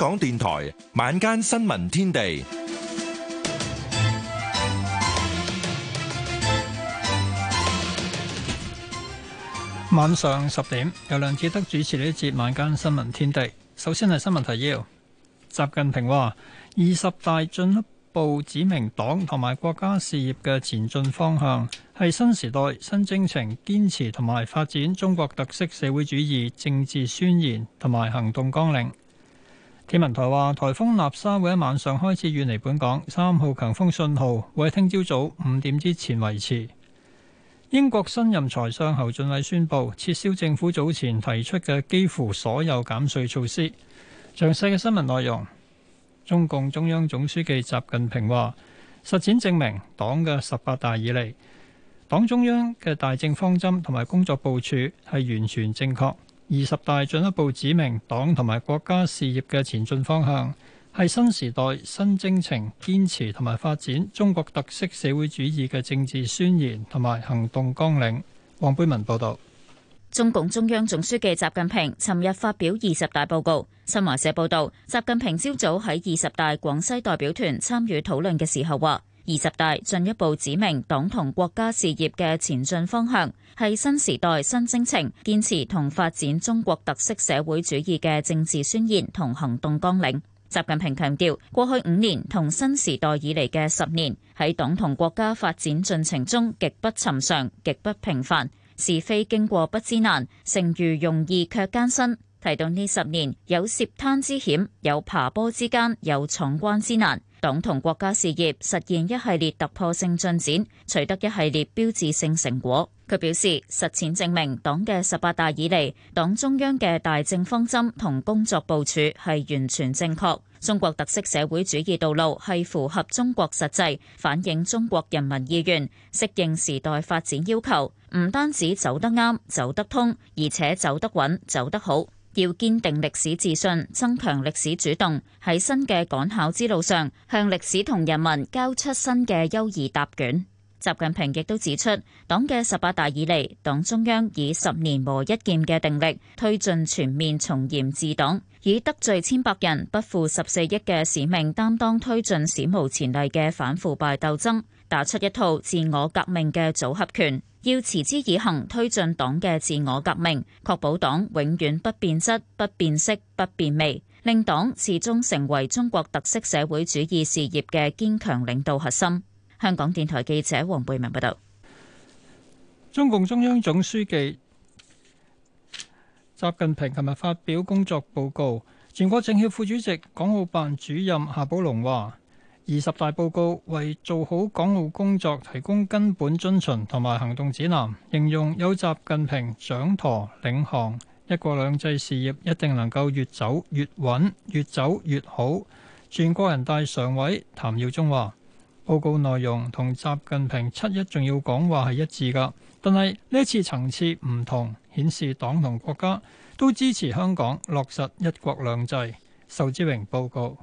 港電台晚間新聞天地，晚上十點由梁志德主持呢一節晚間新聞天地。首先係新聞提要：習近平話，二十大進一步指明黨同埋國家事業嘅前進方向，係新時代新征程堅持同埋發展中國特色社會主義政治宣言同埋行動綱領。天文台話，颱風納沙會喺晚上開始遠離本港，三號強風信號會喺聽朝早五點之前維持。英國新任財相侯俊偉宣布，撤銷政府早前提出嘅幾乎所有減稅措施。詳細嘅新聞內容，中共中央總書記習近平話：實踐證明，黨嘅十八大以嚟，黨中央嘅大政方針同埋工作部署係完全正確。二十大進一步指明黨同埋國家事業嘅前進方向，係新時代新征程，堅持同埋發展中國特色社會主義嘅政治宣言同埋行動綱領。黃貝文報導。中共中央總書記習近平尋日發表二十大報告。新華社報導，習近平朝早喺二十大廣西代表團參與討論嘅時候話。二十大進一步指明黨同國家事業嘅前進方向，係新時代新征程，堅持同發展中國特色社會主義嘅政治宣言同行動綱領。習近平強調，過去五年同新時代以嚟嘅十年喺黨同國家發展進程中極不尋常、極不平凡，是非經過不知難，成如容易卻艱辛。提到呢十年有涉灘之險，有爬坡之艱，有闖關之難。黨同國家事業實現一系列突破性進展，取得一系列標誌性成果。佢表示，實踐證明，黨嘅十八大以嚟，黨中央嘅大政方針同工作部署係完全正確，中國特色社會主義道路係符合中國實際，反映中國人民意願，適應時代發展要求，唔單止走得啱、走得通，而且走得穩、走得好。要堅定歷史自信，增強歷史主動，喺新嘅趕考之路上，向歷史同人民交出新嘅優異答卷。習近平亦都指出，黨嘅十八大以嚟，黨中央以十年磨一劍嘅定力，推進全面從嚴治黨，以得罪千百人不負十四億嘅使命，擔當推進史無前例嘅反腐敗鬥爭。打出一套自我革命嘅組合拳，要持之以恒推進黨嘅自我革命，確保黨永遠不變質、不變色、不變味，令黨始終成為中國特色社會主義事業嘅堅強領導核心。香港電台記者黃貝明報道。中共中央總書記習近平琴日發表工作報告，全國政協副主席、港澳辦主任夏寶龍話。二十大報告為做好港澳工作提供根本遵循同埋行動指南，形容有習近平掌舵領航，一國兩制事業一定能夠越走越穩，越走越好。全國人大常委譚耀宗話：報告內容同習近平七一重要講話係一致噶，但係呢次層次唔同，顯示黨同國家都支持香港落實一國兩制。仇志榮報告。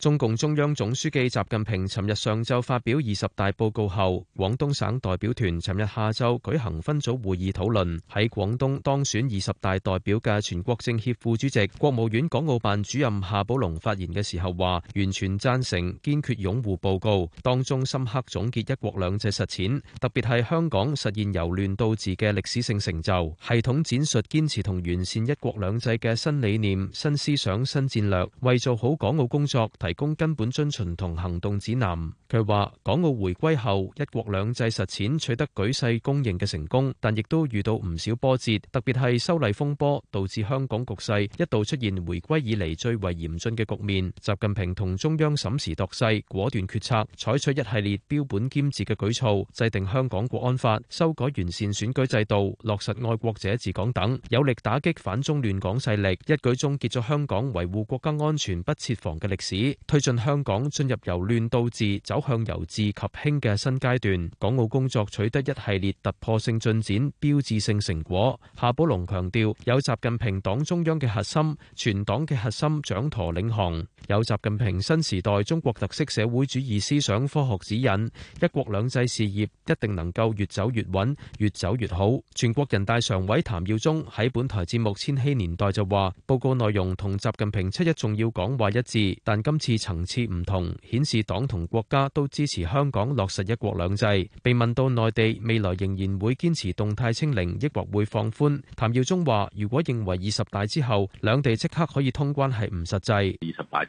中共中央總書記習近平尋日上晝發表二十大報告後，廣東省代表團尋日下晝舉行分組會議討論。喺廣東當選二十大代表嘅全國政協副主席、國務院港澳辦主任夏寶龍發言嘅時候話，完全贊成、堅決擁護。報告當中深刻總結一國兩制實踐，特別係香港實現由亂到治嘅歷史性成就，系統展述堅持同完善一國兩制嘅新理念、新思想、新戰略，為做好港澳工作提提供根本遵循同行動指南。佢話，港澳回歸後一國兩制實踐取得舉世公認嘅成功，但亦都遇到唔少波折，特別係修例風波，導致香港局勢一度出現回歸以嚟最為嚴峻嘅局面。習近平同中央審時度勢，果斷決策，採取一系列標本兼治嘅舉措，制定香港國安法，修改完善選舉制度，落實愛國者治港等，有力打擊反中亂港勢力，一舉終結咗香港維護國家安全不設防嘅歷史。推進香港進入由亂到治走向由治及興嘅新階段，港澳工作取得一系列突破性進展、標誌性成果。夏寶龍強調，有習近平黨中央嘅核心、全黨嘅核心掌舵領航。有習近平新時代中國特色社會主義思想科學指引，一國兩制事業一定能夠越走越穩，越走越好。全國人大常委譚耀宗喺本台節目《千禧年代》就話：報告內容同習近平七一重要講話一致，但今次層次唔同，顯示黨同國家都支持香港落實一國兩制。被問到內地未來仍然會堅持動態清零，抑或會放寬，譚耀宗話：如果認為二十大之後兩地即刻可以通關係唔實際。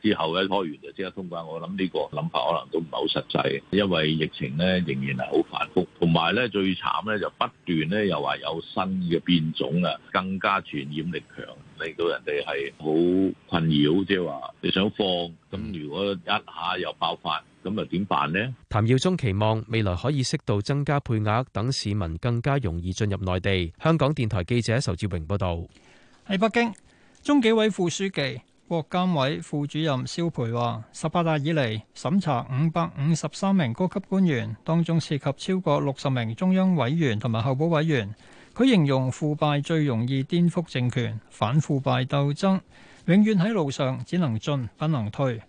之後咧開完就即刻通關，我諗呢個諗法可能都唔係好實際，因為疫情咧仍然係好反覆，同埋咧最慘咧就不斷咧又話有新嘅變種啊，更加傳染力強，令到人哋係好困擾，即係話你想放，咁如果一下又爆發，咁又點辦呢？譚耀宗期望未來可以適度增加配額，等市民更加容易進入內地。香港電台記者仇志榮報導。喺北京，中紀委副書記，國監委副主任肖培話：十八大以嚟，審查五百五十三名高級官員，當中涉及超過六十名中央委員同埋候補委員。佢形容腐敗最容易顛覆政權，反腐敗鬥爭永遠喺路上，只能進不能退。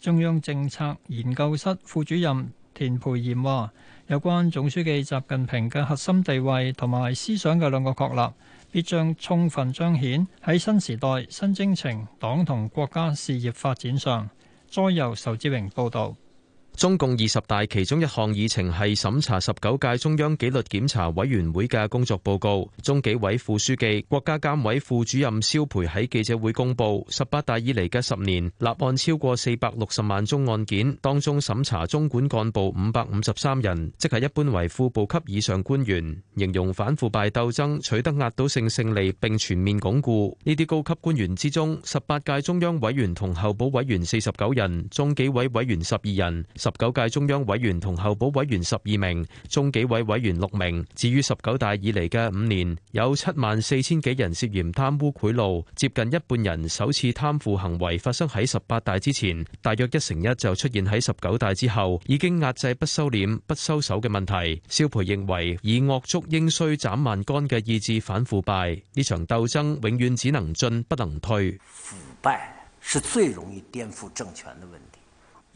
中央政策研究室副主任田培炎話：有關總書記習近平嘅核心地位同埋思想嘅兩個確立。必將充分彰顯喺新時代新征程黨同國家事業發展上。再由仇志榮報道。中共二十大其中一項議程係審查十九屆中央紀律檢查委員會嘅工作報告。中紀委副書記、國家監委副主任肖培喺記者會公布，十八大以嚟嘅十年，立案超過四百六十萬宗案件，當中審查中管幹部五百五十三人，即係一般為副部級以上官員。形容反腐敗鬥爭取得壓倒性勝利，並全面鞏固呢啲高級官員之中，十八屆中央委員同候補委員四十九人，中紀委委員十二人。十九屆中央委員同候補委員十二名，中紀委委員六名。至於十九大以嚟嘅五年，有七萬四千幾人涉嫌貪污賄賂，接近一半人首次貪腐行為發生喺十八大之前，大約一成一就出現喺十九大之後，已經壓制不收斂、不收手嘅問題。肖培認為，以惡竹應須斬萬竿嘅意志反腐敗，呢場鬥爭永遠只能進不能退。腐敗是最容易顛覆政權嘅問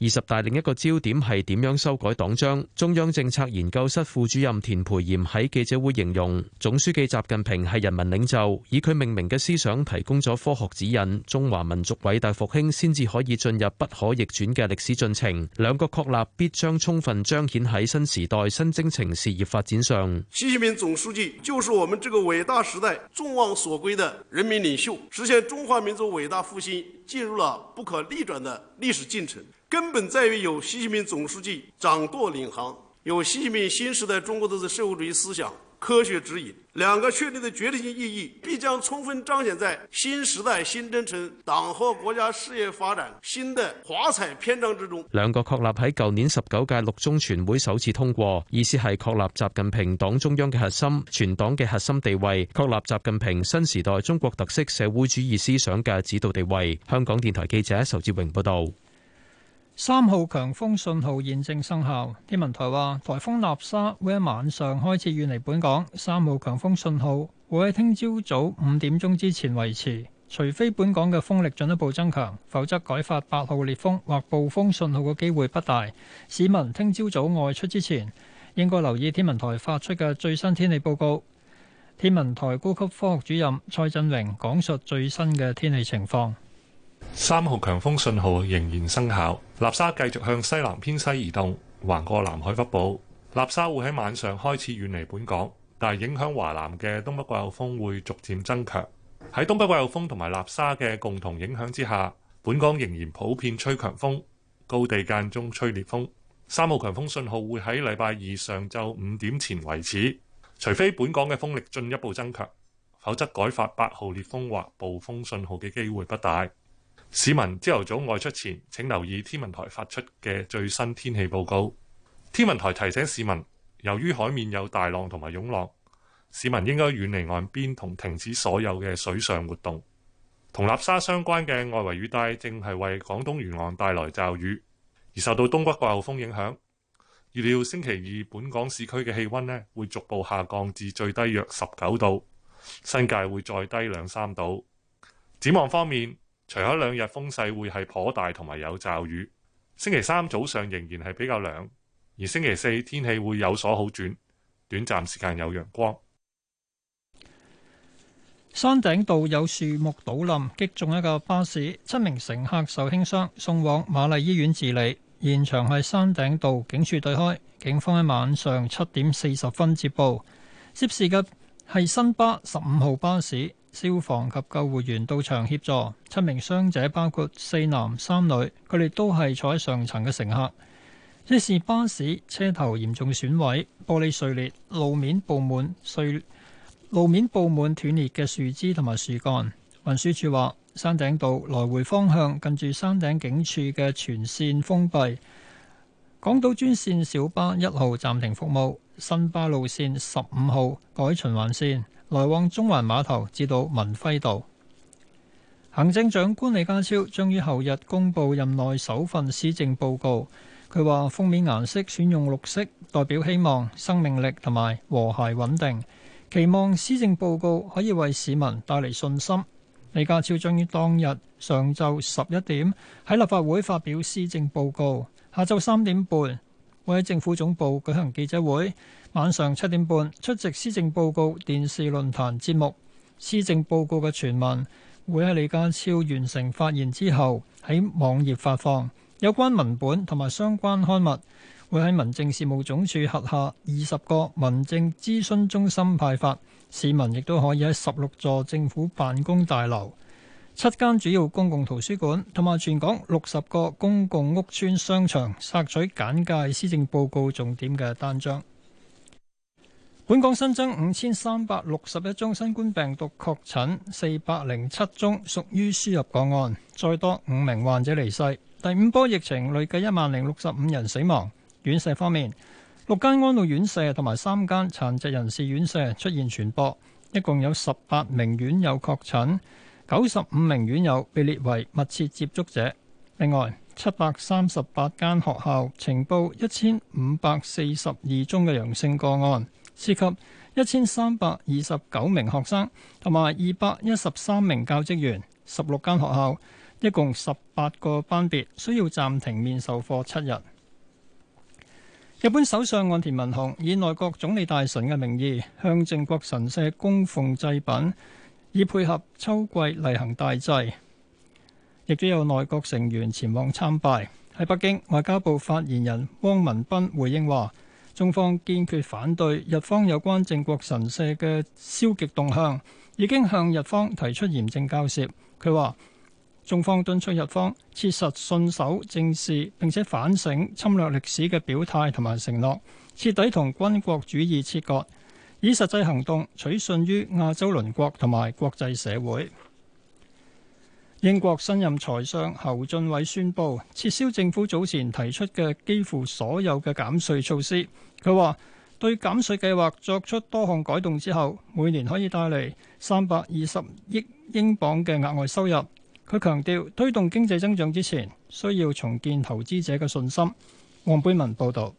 二十大另一個焦點係點樣修改黨章？中央政策研究室副主任田培炎喺記者會形容，總書記習近平係人民領袖，以佢命名嘅思想提供咗科學指引，中華民族偉大復興先至可以進入不可逆轉嘅歷史進程。兩個確立必將充分彰顯喺新時代新征程事業發展上。習近平總書記就是我們這個偉大時代眾望所歸的人民領袖，實現中華民族偉大復興進入了不可逆轉的歷史進程。根本在於有習近平總書記掌舵領航有，有習近平新時代中國特色社會主義思想科學指引。兩個確立的決定性意義，必將充分彰顯在新時代新征程黨和國家事業發展新的華彩篇章之中。兩個確立喺舊年十九屆六中全會首次通過，意思係確立習近平黨中央嘅核心、全黨嘅核心地位，確立習近平新時代中國特色社會主義思想嘅指導地位。香港電台記者仇志榮報道。三號強風信號現正生效，天文台話颱風納沙會喺晚上開始遠離本港，三號強風信號會喺聽朝早五點鐘之前維持，除非本港嘅風力進一步增強，否則改發八號烈風或暴風信號嘅機會不大。市民聽朝早外出之前，應該留意天文台發出嘅最新天氣報告。天文台高級科學主任蔡振榮講述最新嘅天氣情況。三號強風信號仍然生效，納沙繼續向西南偏西移動，橫過南海北部。納沙會喺晚上開始遠離本港，但係影響華南嘅東北季候風會逐漸增強。喺東北季候風同埋納沙嘅共同影響之下，本港仍然普遍吹強風，高地間中吹烈風。三號強風信號會喺禮拜二上晝五點前維持，除非本港嘅風力進一步增強，否則改發八號烈風或暴風信號嘅機會不大。市民朝頭早外出前，請留意天文台發出嘅最新天氣報告。天文台提醒市民，由於海面有大浪同埋湧浪，市民應該遠離岸邊同停止所有嘅水上活動。同立沙相關嘅外圍雨帶正係為廣東沿岸帶來驟雨，而受到東北季候風影響，預料星期二本港市區嘅氣溫呢會逐步下降至最低約十九度，新界會再低兩三度。展望方面。除咗兩日風勢會係頗大，同埋有驟雨。星期三早上仍然係比較涼，而星期四天氣會有所好轉，短暫時間有陽光。山頂道有樹木倒冧，擊中一個巴士，七名乘客受輕傷，送往瑪麗醫院治理。現場係山頂道警署對開，警方喺晚上七點四十分接報，涉事嘅係新巴十五號巴士。消防及救護員到場協助，七名傷者包括四男三女，佢哋都係坐喺上層嘅乘客。一是巴士車頭嚴重損毀，玻璃碎裂，路面佈滿碎路面佈滿斷裂嘅樹枝同埋樹幹。運輸處話，山頂道來回方向近住山頂警署嘅全線封閉，港島專線小巴一號暫停服務，新巴路線十五號改循環線。來往中環碼頭至到文輝道。行政長官李家超將於後日公布任內首份施政報告。佢話封面顏色選用綠色，代表希望、生命力同埋和諧穩定。期望施政報告可以為市民帶嚟信心。李家超將於當日上晝十一點喺立法會發表施政報告，下晝三點半會喺政府總部舉行記者會。晚上七點半出席施政報告電視論壇節目。施政報告嘅全文會喺李家超完成發言之後喺網頁發放。有關文本同埋相關刊物會喺民政事務總署轄下二十個民政諮詢中心派發。市民亦都可以喺十六座政府辦公大樓、七間主要公共圖書館同埋全港六十個公共屋邨商場索取簡介施政報告重點嘅單張。本港新增五千三百六十一宗新冠病毒確診，四百零七宗屬於輸入個案，再多五名患者離世。第五波疫情累計一萬零六十五人死亡。院舍方面，六間安老院舍同埋三間殘疾人士院舍出現傳播，一共有十八名院友確診，九十五名院友被列為密切接觸者。另外，七百三十八間學校呈報一千五百四十二宗嘅陽性個案。涉及一千三百二十九名學生同埋二百一十三名教職員，十六間學校，一共十八個班別需要暫停面授課七日。日本首相岸田文雄以內閣總理大臣嘅名義向靖國神社供奉祭品，以配合秋季例行大祭，亦都有內閣成員前往參拜。喺北京，外交部發言人汪文斌回應話。中方堅決反對日方有關靖國神社嘅消極動向，已經向日方提出嚴正交涉。佢話：中方敦促日方切實信守正視並且反省侵略歷史嘅表態同埋承諾，徹底同軍國主義切割，以實際行動取信於亞洲鄰國同埋國際社會。英國新任財相侯俊偉宣布撤銷政府早前提出嘅幾乎所有嘅減稅措施。佢話：對減稅計劃作出多項改動之後，每年可以帶嚟三百二十億英鎊嘅額外收入。佢強調，推動經濟增長之前，需要重建投資者嘅信心。黃貝文報導。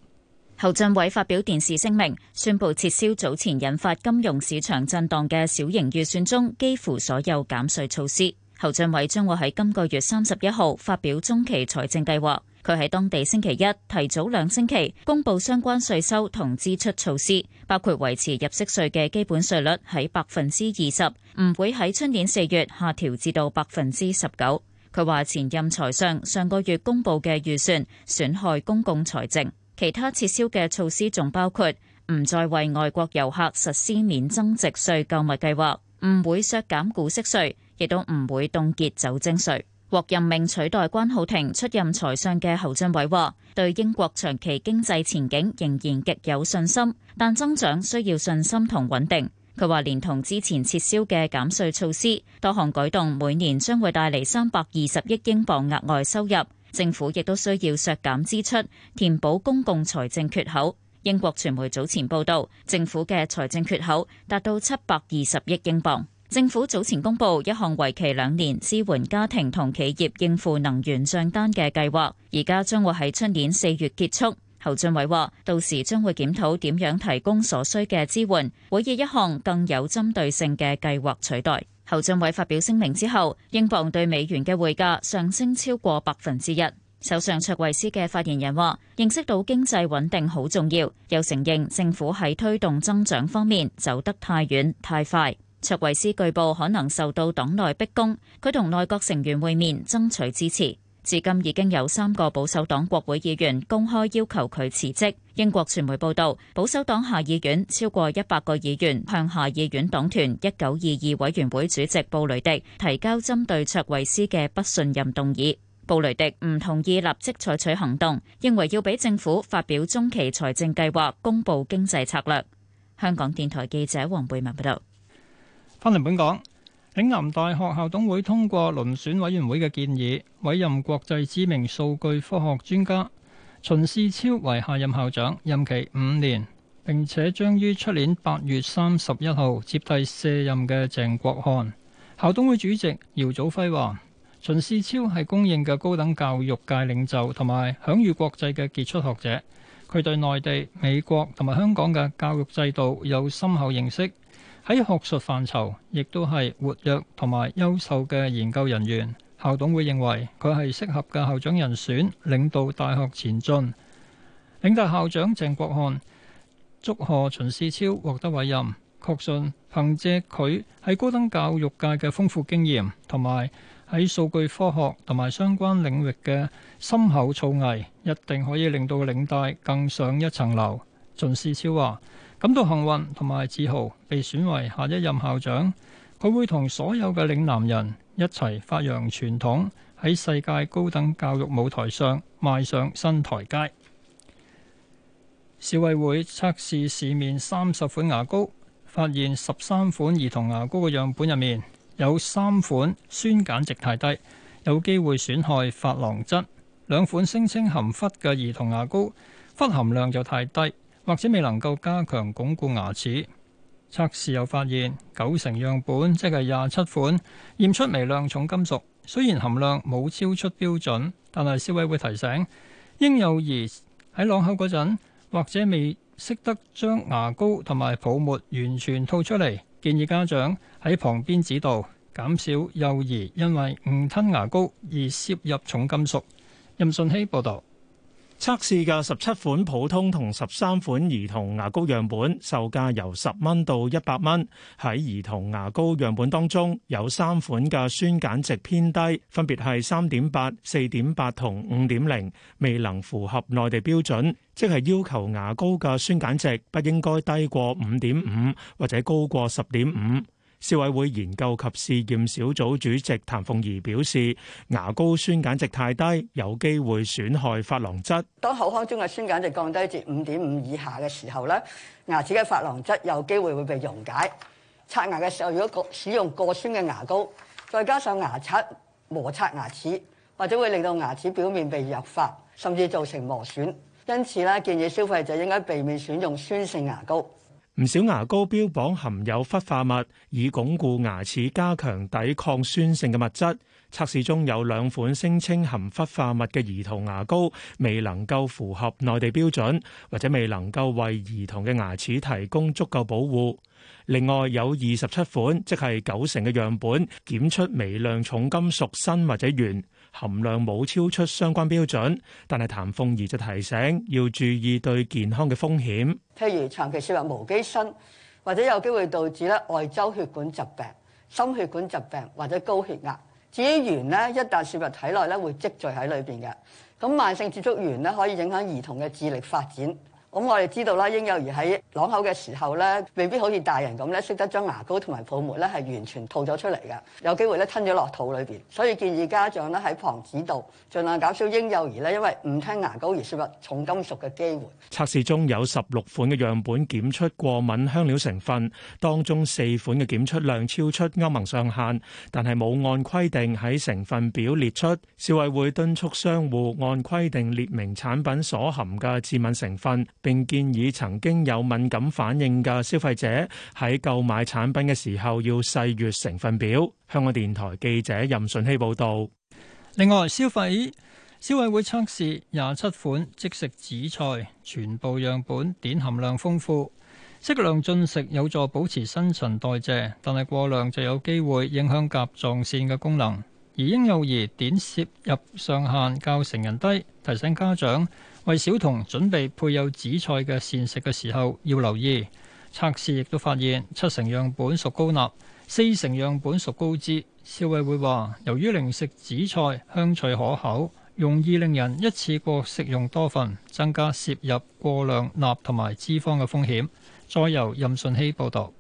侯俊偉發表電視聲明，宣布撤銷早前引發金融市場震盪嘅小型預算中幾乎所有減稅措施。侯俊偉將會喺今個月三十一號發表中期財政計劃。佢喺當地星期一提早兩星期公布相關稅收同支出措施，包括維持入息稅嘅基本稅率喺百分之二十，唔會喺今年四月下調至到百分之十九。佢話前任財相上個月公布嘅預算損害公共財政，其他撤銷嘅措施仲包括唔再為外國遊客實施免增值稅購物計劃，唔會削減股息稅。亦都唔會凍結酒精稅。獲任命取代關浩庭出任財相嘅侯俊偉話，對英國長期經濟前景仍然極有信心，但增長需要信心同穩定。佢話，連同之前撤銷嘅減稅措施，多項舉動每年將會帶嚟三百二十億英鎊額外收入。政府亦都需要削減支出，填補公共財政缺口。英國傳媒早前報道，政府嘅財政缺口達到七百二十億英鎊。政府早前公布一項為期兩年支援家庭同企業應付能源賬單嘅計劃，而家將會喺出年四月結束。侯俊偉話，到時將會檢討點樣提供所需嘅支援，會以一項更有針對性嘅計劃取代。侯俊偉發表聲明之後，英鎊兌美元嘅匯價上升超過百分之一。首相卓維斯嘅發言人話，認識到經濟穩定好重要，又承認政府喺推動增長方面走得太遠太快。卓維斯據報可能受到黨內逼宮，佢同內閣成員會面爭取支持。至今已經有三個保守黨國會議員公開要求佢辭職。英國傳媒報道，保守黨下議院超過一百個議員向下議院黨團一九二二委員會主席布雷迪提交針對卓維斯嘅不信任動議。布雷迪唔同意立即採取行動，認為要俾政府發表中期財政計劃，公佈經濟策略。香港電台記者黃貝文報道。翻嚟本港，嶺南大學校董會通過遴選委員會嘅建議，委任國際知名數據科學專家秦泗釗為下任校長，任期五年，並且將於出年八月三十一號接替卸任嘅鄭國漢。校董會主席姚祖輝話：秦泗釗係公認嘅高等教育界領袖，同埋享譽國際嘅傑出學者，佢對內地、美國同埋香港嘅教育制度有深厚認識。喺學術範疇，亦都係活躍同埋優秀嘅研究人員。校董會認為佢係適合嘅校長人選，領導大學前進。領大校長鄭國漢祝賀秦泗釗獲得委任，確信憑借佢喺高等教育界嘅豐富經驗，同埋喺數據科學同埋相關領域嘅深厚造詣，一定可以令到領大更上一層樓。秦泗釗話。感到幸運同埋自豪，被選為下一任校長。佢會同所有嘅嶺南人一齊發揚傳統，喺世界高等教育舞台上邁上新台階。消委會測試市面三十款牙膏，發現十三款兒童牙膏嘅樣本入面有三款酸鹼值太低，有機會損害琺瑯質；兩款聲稱含氟嘅兒童牙膏，氟含量就太低。或者未能夠加強鞏固牙齒。測試又發現九成樣本，即係廿七款，驗出微量重金屬。雖然含量冇超出標準，但係消委會提醒，嬰幼兒喺朗口嗰陣或者未識得將牙膏同埋泡沫完全吐出嚟，建議家長喺旁邊指導，減少幼兒因為誤吞牙膏而攝入重金屬。任信希報導。測試嘅十七款普通同十三款兒童牙膏樣本，售價由十蚊到一百蚊。喺兒童牙膏樣本當中，有三款嘅酸鹼值偏低分別，分別係三點八、四點八同五點零，未能符合內地標準，即係要求牙膏嘅酸鹼值不應該低過五點五或者高過十點五。消委會研究及試驗小組主席譚鳳儀表示，牙膏酸鹼值太低，有機會損害珐琅質。當口腔中嘅酸鹼值降低至五點五以下嘅時候咧，牙齒嘅珐琅質有機會會被溶解。刷牙嘅時候，如果使用過酸嘅牙膏，再加上牙刷摩擦牙齒，或者會令到牙齒表面被弱化，甚至造成磨損。因此咧，建議消費者應該避免選用酸性牙膏。唔少牙膏標榜含有氟化物，以鞏固牙齒、加強抵抗酸性嘅物質。測試中有兩款聲稱含氟化物嘅兒童牙膏，未能夠符合內地標準，或者未能夠為兒童嘅牙齒提供足夠保護。另外有二十七款，即係九成嘅樣本檢出微量重金屬砷或者鉛。含量冇超出相關標準，但係譚鳳儀就提醒要注意對健康嘅風險。譬如長期攝入無機砷，或者有機會導致咧外周血管疾病、心血管疾病或者高血壓。至於鉛咧，一旦攝入體內咧，會積聚喺裏邊嘅。咁慢性接觸鉛咧，可以影響兒童嘅智力發展。咁、嗯、我哋知道啦，嬰幼兒喺朗口嘅時候咧，未必好似大人咁咧，識得將牙膏同埋泡沫咧係完全吐咗出嚟嘅。有機會咧吞咗落肚裏邊，所以建議家長咧喺旁指導，盡量減少嬰幼兒咧，因為唔吞牙膏而攝入重金屬嘅機會。測試中有十六款嘅樣本檢出過敏香料成分，當中四款嘅檢出量超出歐盟上限，但係冇按規定喺成分表列出。消委會敦促商戶按規定列明產品所含嘅致敏成分。並建議曾經有敏感反應嘅消費者喺購買產品嘅時候要細閱成分表。香港電台記者任順希報導。另外，消費消委會測試廿七款即食紫菜，全部樣本碘含量豐富，適量進食有助保持新陳代謝，但係過量就有機會影響甲狀腺嘅功能。而嬰幼兒碘攝入上限較成人低，提醒家長，為小童準備配有紫菜嘅膳食嘅時候，要留意。測試亦都發現七成樣本屬高鈉，四成樣本屬高脂。消委會話，由於零食紫菜香脆可口，容易令人一次過食用多份，增加攝入過量鈉同埋脂肪嘅風險。再由任信希報導，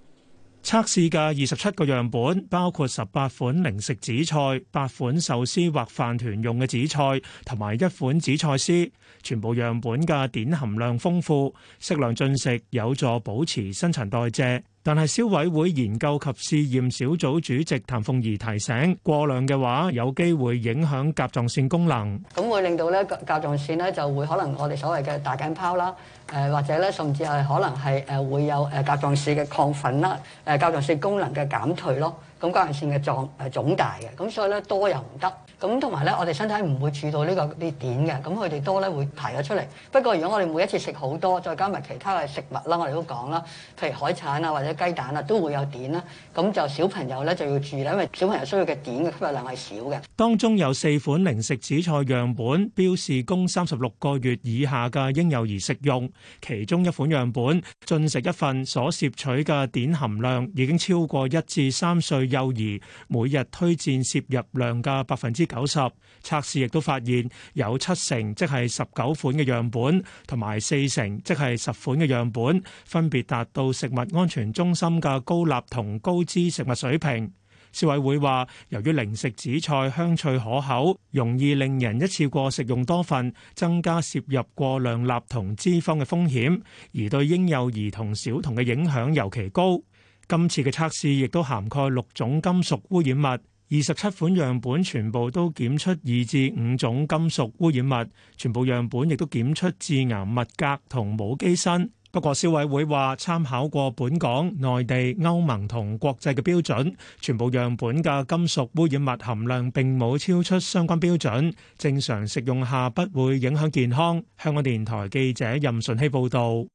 測試嘅二十七個樣本包括十八款零食紫菜、八款壽司或飯團用嘅紫菜同埋一款紫菜絲。全部樣本嘅碘含量豐富，適量進食有助保持新陳代謝。但係消委會研究及試驗小組主席譚鳳儀提醒：過量嘅話，有機會影響甲狀腺功能。咁會令到咧甲狀腺咧就會可能我哋所謂嘅大頸泡啦，誒或者咧甚至係可能係誒會有誒甲狀腺嘅亢奮啦，誒甲狀腺功能嘅減退咯。咁甲狀腺嘅狀誒腫大嘅，咁所以咧多又唔得。咁同埋咧我哋身體唔會處到呢個啲碘嘅，咁佢哋多咧會排咗出嚟。不過如果我哋每一次食好多，再加埋其他嘅食物啦，我哋都講啦，譬如海產啊或者。雞蛋啊都會有碘啦，咁就小朋友咧就要注意啦，因為小朋友需要嘅碘嘅攝入量係少嘅。當中有四款零食紫菜樣本標示供三十六個月以下嘅嬰幼兒食用，其中一款樣本進食一份所攝取嘅碘含量已經超過一至三歲幼兒每日推薦攝入量嘅百分之九十。測試亦都發現有七成，即係十九款嘅樣本，同埋四成，即係十款嘅樣本，分別達到食物安全中心嘅高鈉同高脂食物水平，消委會話，由於零食紫菜香脆可口，容易令人一次過食用多份，增加攝入過量鈉同脂肪嘅風險，而對嬰幼兒同小童嘅影響尤其高。今次嘅測試亦都涵蓋六種金屬污染物，二十七款樣本全部都檢出二至五種金屬污染物，全部樣本亦都檢出致癌物鎘同無機砷。不過，消委會話參考過本港、內地、歐盟同國際嘅標準，全部樣本嘅金屬污染物含量並冇超出相關標準，正常食用下不會影響健康。香港電台記者任順希報導。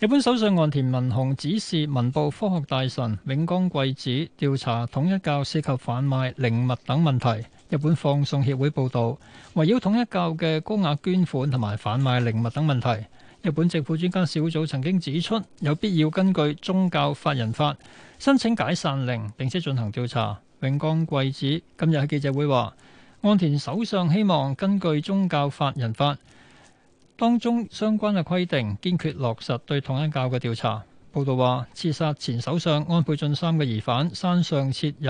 日本首相岸田文雄指示文部科學大臣永岡桂子調查統一教涉及販賣靈物等問題。日本放送協會報導，圍繞統一教嘅高額捐款同埋販賣靈物等問題。日本政府專家小組曾經指出，有必要根據宗教法人法申請解散令，並且進行調查。永江貴子今日喺記者會話，岸田首相希望根據宗教法人法當中相關嘅規定，堅決落實對統一教嘅調查。報道話，刺殺前首相安倍晉三嘅疑犯山上徹也，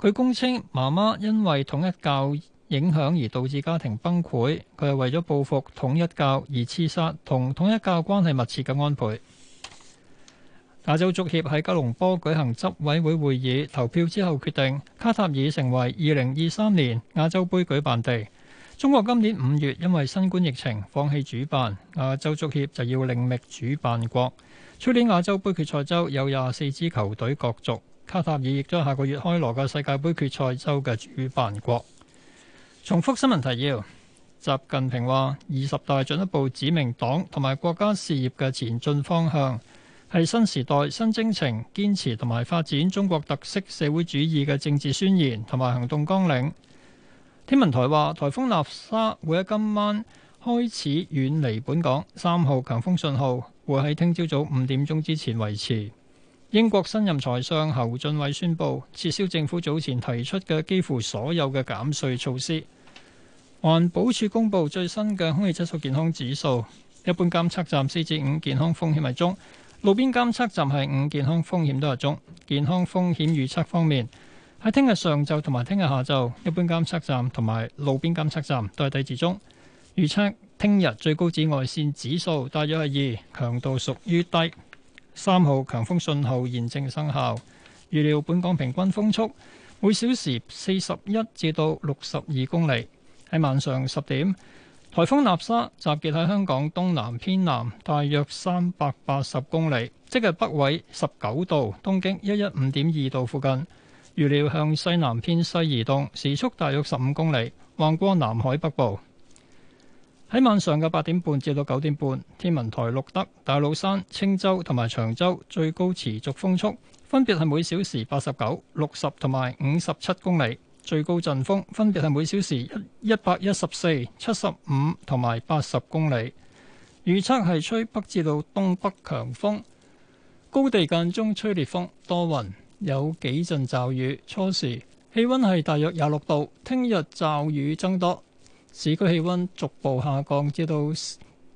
佢供稱媽媽因為統一教。影響而導致家庭崩潰，佢係為咗報復統一教而刺殺同統一教關係密切嘅安倍。亞洲足協喺吉隆坡舉行執委會會議投票之後，決定卡塔爾成為二零二三年亞洲杯舉辦地。中國今年五月因為新冠疫情放棄主辦，亞洲足協就要另覓主辦國。去年亞洲杯決賽周有廿四支球隊角逐，卡塔爾亦都係下個月開鑼嘅世界盃決賽周嘅主辦國。重複新聞提要：習近平話，二十大進一步指明黨同埋國家事業嘅前進方向，係新時代新征程堅持同埋發展中國特色社會主義嘅政治宣言同埋行動綱領。天文台話，台風納沙會喺今晚開始遠離本港，三號強風信號會喺聽朝早五點鐘之前維持。英國新任財相侯俊偉宣布撤銷政府早前提出嘅幾乎所有嘅減稅措施。環保署公布最新嘅空氣質素健康指數，一般監測站四至五健康風險係中，路邊監測站係五健康風險都係中。健康風險預測方面，喺聽日上晝同埋聽日下晝，一般監測站同埋路邊監測站都係低至中。預測聽日最高紫外線指數大約係二，強度屬於低。三號強風信號現正生效，預料本港平均風速每小時四十一至到六十二公里。喺晚上十點，颱風納沙集結喺香港東南偏南大約三百八十公里，即係北緯十九度、東經一一五點二度附近。預料向西南偏西移動，時速大約十五公里，橫過南海北部。喺晚上嘅八點半至到九點半，天文台錄得大老山、青洲同埋長洲最高持續風速分別係每小時八十九、六十同埋五十七公里，最高陣風分別係每小時一百一十四、七十五同埋八十公里。預測係吹北至到東北強風，高地間中吹烈風，多雲，有幾陣驟雨。初時氣温係大約廿六度，聽日驟雨增多。市區氣温逐步下降，至到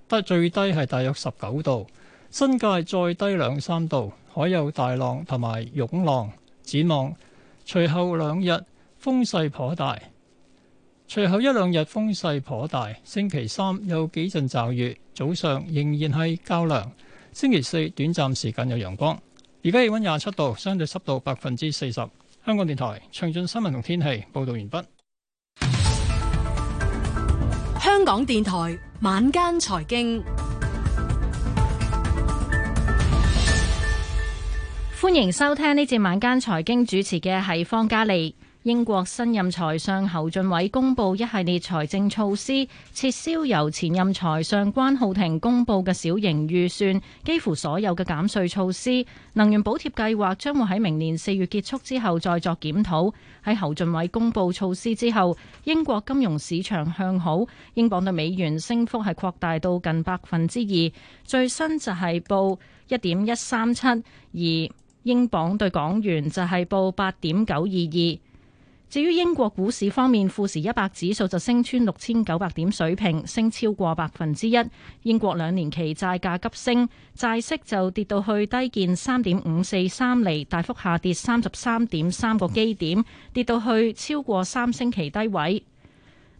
得最低係大約十九度，新界再低兩三度，海有大浪同埋湧浪。展望，隨後兩日風勢頗大，隨後一兩日風勢頗大。星期三有幾陣驟雨，早上仍然係較涼。星期四短暫時間有陽光。而家氣温廿七度，相對濕度百分之四十。香港電台長進新聞同天氣報導完畢。港電台晚間財經，歡迎收聽呢節晚間財經，主持嘅係方嘉莉。英國新任財相侯俊偉公布一系列財政措施，撤銷由前任財相關浩庭公布嘅小型預算，幾乎所有嘅減稅措施。能源補貼計劃將會喺明年四月結束之後再作檢討。喺侯俊偉公布措施之後，英國金融市場向好，英鎊對美元升幅係擴大到近百分之二，最新就係報一點一三七，而英鎊對港元就係報八點九二二。至於英國股市方面，富時一百指數就升穿六千九百點水平，升超過百分之一。英國兩年期債價急升，債息就跌到去低見三點五四三厘，大幅下跌三十三點三個基點，跌到去超過三星期低位。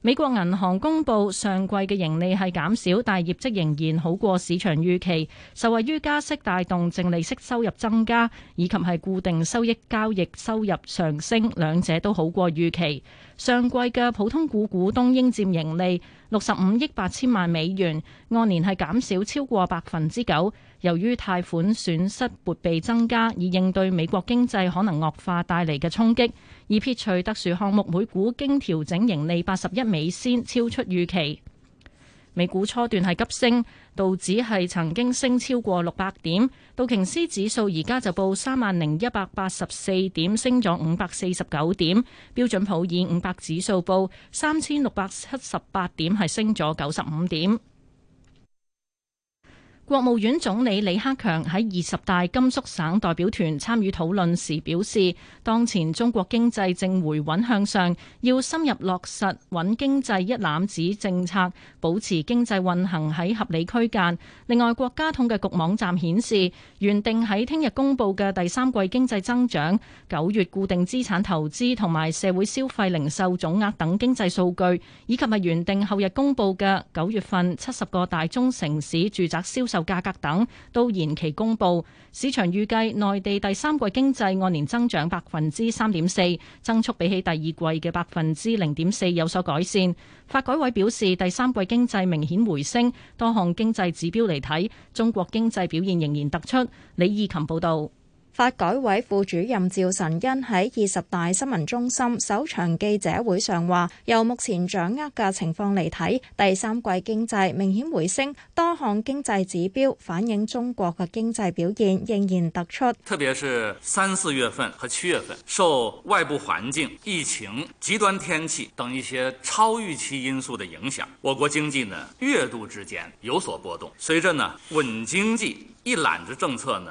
美國銀行公佈上季嘅盈利係減少，但係業績仍然好過市場預期，受惠於加息帶動淨利息收入增加，以及係固定收益交易收入上升，兩者都好過預期。上季嘅普通股股東應佔盈利六十五億八千萬美元，按年係減少超過百分之九。由於貸款損失撥備增加，以應對美國經濟可能惡化帶嚟嘅衝擊，而撇除特殊項目，每股經調整盈利八十一美仙，超出預期。美股初段係急升，道指係曾經升超過六百點，道瓊斯指數而家就報三萬零一百八十四點，升咗五百四十九點；標準普爾五百指數報三千六百七十八點，係升咗九十五點。國務院總理李克強喺二十大甘肅省代表團參與討論時表示，當前中國經濟正回穩向上，要深入落實穩經濟一攬子政策，保持經濟運行喺合理區間。另外，國家統計局網站顯示，原定喺聽日公布嘅第三季經濟增長、九月固定資產投資同埋社會消費零售總額等經濟數據，以及係原定後日公布嘅九月份七十個大中城市住宅銷售。就價格等都延期公布，市場預計內地第三季經濟按年增長百分之三點四，增速比起第二季嘅百分之零點四有所改善。發改委表示，第三季經濟明顯回升，多項經濟指標嚟睇，中國經濟表現仍然突出。李義琴報道。發改委副主任趙晨恩喺二十大新聞中心首場記者會上話，由目前掌握嘅情況嚟睇，第三季經濟明顯回升，多項經濟指標反映中國嘅經濟表現仍然突出。特別是三四月份和七月份，受外部環境、疫情、極端天氣等一些超預期因素的影響，我國經濟呢月度之間有所波動。隨着呢穩經濟一攬子政策呢。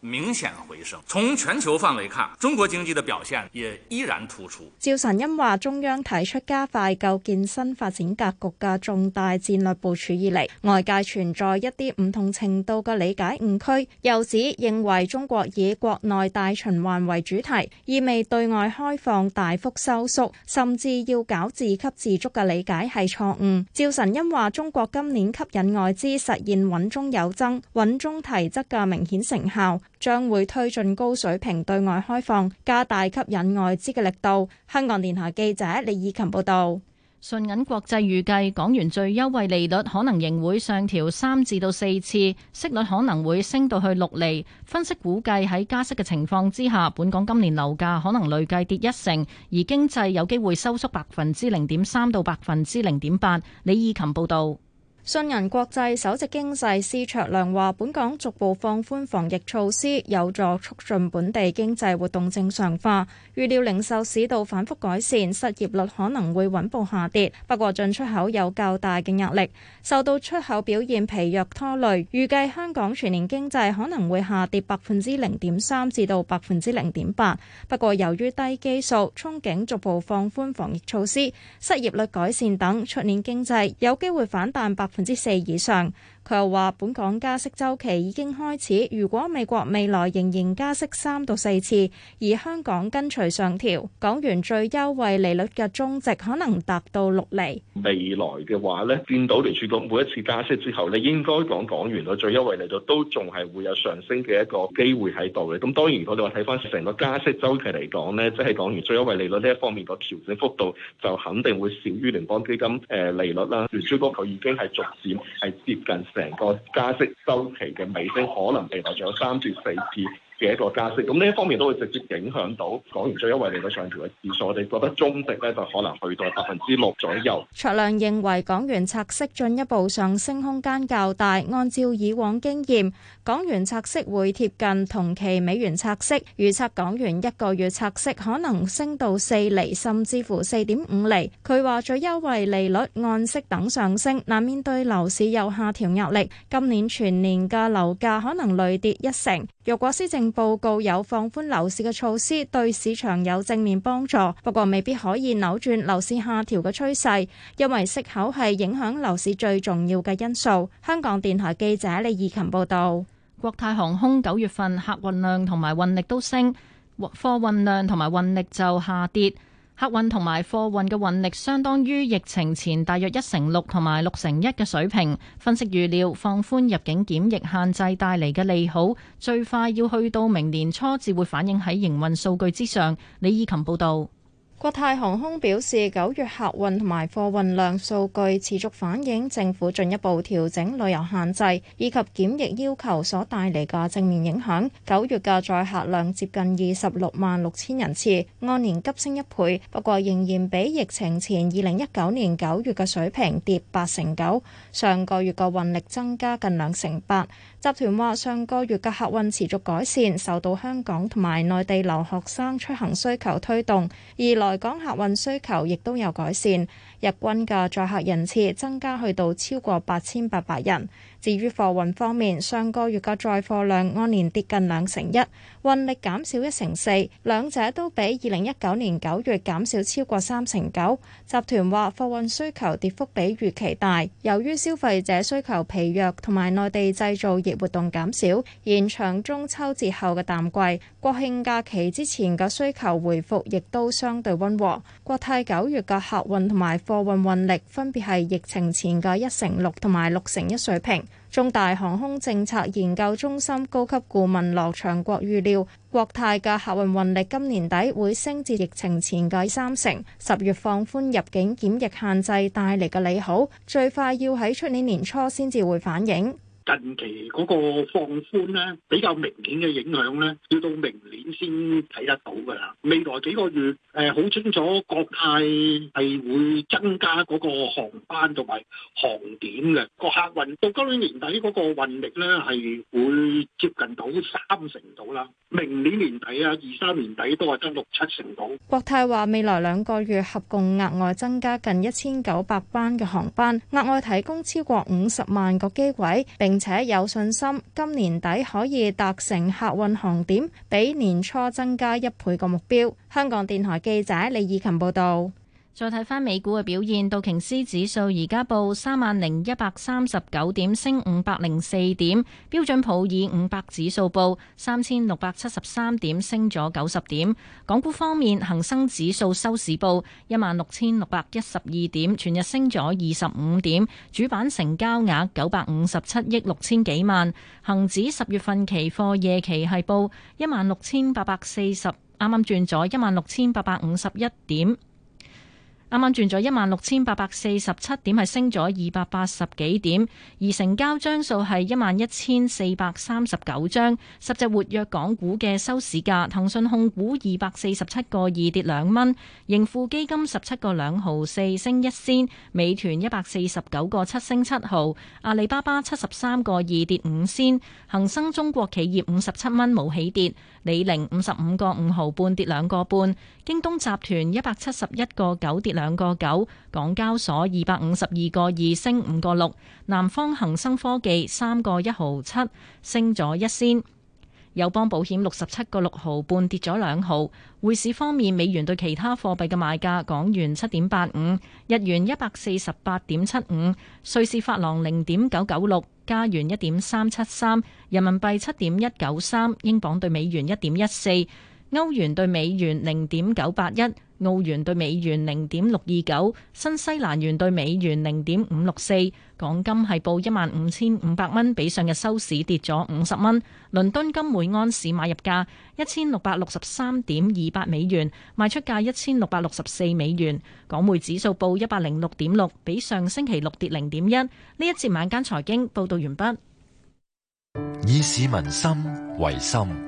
明顯回升。從全球範圍看，中國經濟的表現也依然突出。趙晨恩話：中央提出加快構建新發展格局嘅重大戰略部署以嚟，外界存在一啲唔同程度嘅理解誤區，又指認為中國以國內大循環為主題，意味對外開放大幅收縮，甚至要搞自給自足嘅理解係錯誤。趙晨恩話：中國今年吸引外資實現穩中有增、穩中提質嘅明顯成效。將會推進高水平對外開放，加大吸引外資嘅力度。香港電台記者李以琴報道。信銀國際預計港元最優惠利率可能仍會上調三至到四次，息率可能會升到去六厘。分析估計喺加息嘅情況之下，本港今年樓價可能累計跌一成，而經濟有機會收縮百分之零點三到百分之零點八。李以琴報道。信銀國際首席經濟師卓亮話：本港逐步放寬防疫措施，有助促進本地經濟活動正常化。預料零售市道反覆改善，失業率可能會穩步下跌。不過進出口有較大嘅壓力，受到出口表現疲弱拖累。預計香港全年經濟可能會下跌百分之零點三至到百分之零點八。不過由於低基數，憧憬逐步放寬防疫措施、失業率改善等，出年經濟有機會反彈百分之四以上。佢又話：本港加息周期已經開始，如果美國未來仍然加息三到四次，而香港跟隨上調，港元最優惠利率嘅中值可能達到六厘。未來嘅話呢，見到聯儲局每一次加息之後咧，應該講港元嘅最優惠利率都仲係會有上升嘅一個機會喺度嘅。咁當然，如果你話睇翻成個加息周期嚟講呢，即係港元最優惠利率呢一方面個調整幅度，就肯定會少於聯邦基金誒利率啦。聯儲局佢已經係逐漸係接近。成個加息周期嘅尾聲，可能未來仲有三至四次嘅一個加息，咁呢一方面都會直接影響到港元最優惠利率上調嘅次數。我哋覺得中值呢就可能去到百分之六左右。卓亮認為港元拆息進一步上升空間較大，按照以往經驗，港元拆息會貼近同期美元拆息，預測港元一個月拆息可能升到四釐，甚至乎四點五釐。佢話最優惠利率按息等上升，但面對樓市有下調壓力，今年全年嘅樓價可能累跌一成。若果施政報告有放寬樓市嘅措施，對市場有正面幫助，不過未必可以扭轉樓市下調嘅趨勢，因為息口係影響樓市最重要嘅因素。香港電台記者李怡琴報道，國泰航空九月份客運量同埋運力都升，貨運量同埋運力就下跌。客運同埋貨運嘅運力相當於疫情前大約一成六同埋六成一嘅水平。分析預料，放寬入境檢疫限制帶嚟嘅利好，最快要去到明年初至會反映喺營運數據之上。李以琴報導。國泰航空表示，九月客運同埋貨運量數據持續反映政府進一步調整旅遊限制以及檢疫要求所帶嚟嘅正面影響。九月嘅載客量接近二十六萬六千人次，按年急升一倍，不過仍然比疫情前二零一九年九月嘅水平跌八成九。上個月嘅運力增加近兩成八。集團話：上個月嘅客運持續改善，受到香港同埋內地留學生出行需求推動，而來港客運需求亦都有改善。日均嘅載客人次增加去到超過八千八百人。至於貨運方面，上個月嘅載貨量按年跌近兩成一，運力減少一成四，兩者都比二零一九年九月減少超過三成九。集團話貨運需求跌幅比預期大，由於消費者需求疲弱，同埋內地製造業活動減少，延長中秋節後嘅淡季。國慶假期之前嘅需求回復亦都相對温和。國泰九月嘅客運同埋貨運運力分別係疫情前嘅一成六同埋六成一水平。中大航空政策研究中心高級顧問羅祥國預料，國泰嘅客運運力今年底會升至疫情前嘅三成。十月放寬入境檢疫限制帶嚟嘅利好，最快要喺出年年初先至會反映。近期嗰個放寬咧比較明顯嘅影響咧，要到明年先睇得到噶啦。未來幾個月誒好、呃、清楚國泰係會增加嗰個航班同埋航點嘅個客運。到今年年底嗰個運力咧係會接近到三成到啦。明年年底啊，二三年底都係增六七成到。國泰話未來兩個月合共額外增加近一千九百班嘅航班，額外提供超過五十萬個機位，並而且有信心，今年底可以達成客運航點比年初增加一倍個目標。香港電台記者李以琴報道。再睇翻美股嘅表現，道瓊斯指數而家報三萬零一百三十九點，升五百零四點。標準普爾五百指數報三千六百七十三點，升咗九十點。港股方面，恒生指數收市報一萬六千六百一十二點，全日升咗二十五點。主板成交額九百五十七億六千幾萬。恒指十月份期貨夜期係報一萬六千八百四十，啱啱轉咗一萬六千八百五十一點。啱啱轉咗一萬六千八百四十七點，係升咗二百八十幾點，而成交張數係一萬一千四百三十九張。十隻活躍港股嘅收市價，騰訊控股二百四十七個二跌兩蚊，盈富基金十七個兩毫四升一仙，美團一百四十九個七升七毫，阿里巴巴七十三個二跌五仙，恒生中國企業五十七蚊冇起跌，李寧五十五個五毫半跌兩個半，京東集團一百七十一個九跌兩個九，港交所二百五十二個二升五個六，南方恒生科技三個一毫七升咗一仙。友邦保險六十七個六毫半跌咗兩毫。匯市方面，美元對其他貨幣嘅賣價，港元七點八五，日元一百四十八點七五，瑞士法郎零點九九六，加元一點三七三，人民幣七點一九三，英鎊對美元一點一四。歐元對美元零點九八一，澳元對美元零點六二九，新西蘭元對美元零點五六四。港金係報一萬五千五百蚊，比上日收市跌咗五十蚊。倫敦金每安士買入價一千六百六十三點二八美元，賣出價一千六百六十四美元。港匯指數報一百零六點六，比上星期六跌零點一。呢一節晚間財經報道完畢。以市民心為心。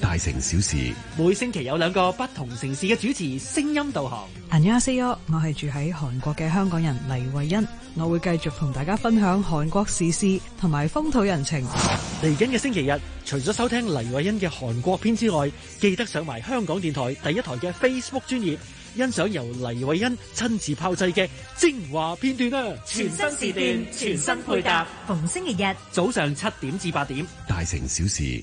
大城小事，每星期有兩個不同城市嘅主持聲音導航。大家好，我係住喺韓國嘅香港人黎慧欣，我會繼續同大家分享韓國史詩同埋風土人情。嚟緊嘅星期日，除咗收聽黎慧欣嘅韓國片之外，記得上埋香港電台第一台嘅 Facebook 專頁，欣賞由黎慧欣親自炮製嘅精華片段啊！全新時段，全新配搭，逢星期日早上七點至八點，大城小事。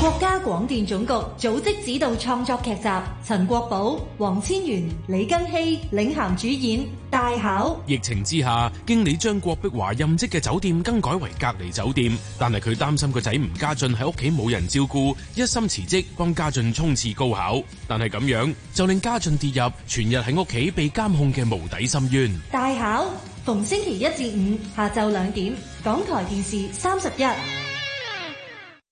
國家廣電總局組織指導創作劇集，陳國寶、黃千源、李庚希領銜主演。大考疫情之下，經理將郭碧華任職嘅酒店更改為隔離酒店，但係佢擔心個仔吳家俊喺屋企冇人照顧，一心辭職幫家俊衝刺高考。但係咁樣就令家俊跌入全日喺屋企被監控嘅無底深淵。大考，逢星期一至五下晝兩點，港台電視三十一。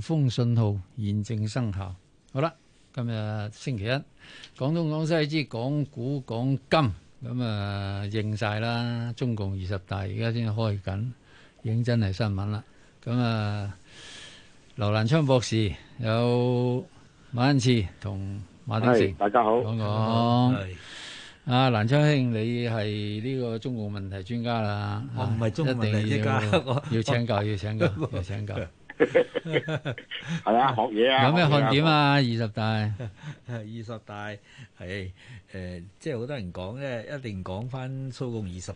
風信號現正生效。好啦，今日星期一，廣東廣西之講古講今，咁啊認晒啦。中共二十大而家先開緊，認真係新聞啦。咁啊，劉蘭昌博士有馬恩賜同馬丁成，大家好。講講，阿蘭昌兄，你係呢個中共問題專家啦。我唔係中文專家，一定要請教，要請教，要請教。係 啊，學嘢啊！有咩看點啊？啊二十大， 二十大係誒、呃，即係好多人講咧，一定講翻蘇共二十。